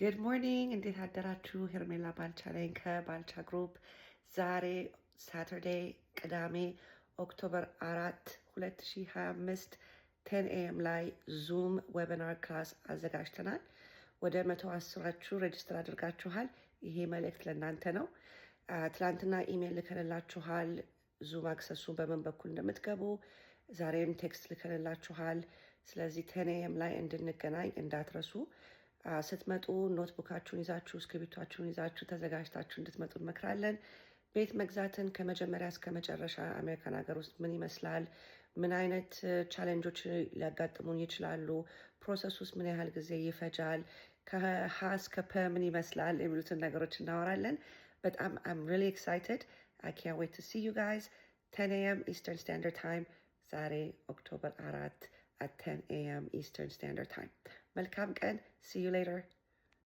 ጉድ ሞርኒንግ እንዴት አደራችሁ? ሄርሜላ ባልቻ ነኝ ከባልቻ ግሩፕ። ዛሬ ሳተርዴይ ቅዳሜ ኦክቶበር አራት 2025 ቴን ኤም ላይ ዙም ዌቢናር ክላስ አዘጋጅተናል። ወደ መቶ አስራችሁ ሬጅስተር አድርጋችኋል። ይሄ መልእክት ለእናንተ ነው። ትላንትና ኢሜይል ልከንላችኋል ዙም አክሰሱን በምን በኩል እንደምትገቡ ዛሬም ቴክስት ልከንላችኋል። ስለዚህ ቴን ኤም ላይ እንድንገናኝ እንዳትረሱ። ስትመጡ ኖትቡካችሁን ይዛችሁ እስክሪብቷችሁን ይዛችሁ ተዘጋጅታችሁ እንድትመጡ እንመክራለን። ቤት መግዛትን ከመጀመሪያ እስከ መጨረሻ አሜሪካን ሀገር ውስጥ ምን ይመስላል፣ ምን አይነት ቻሌንጆች ሊያጋጥሙን ይችላሉ፣ ፕሮሰስ ውስጥ ምን ያህል ጊዜ ይፈጃል፣ ከሀ እስከ ፐ ምን ይመስላል የሚሉትን ነገሮች እናወራለን። በጣም አም ሪሊ ኤክሳይትድ አይ ካን ዌይት ቱ ሲ ዩ ጋይዝ ቴን ኤ ኤም ኢስተርን ስታንደርድ ታይም ዛሬ ኦክቶበር አራት at 10 a.m. Eastern Standard Time. Welcome Ken, see you later.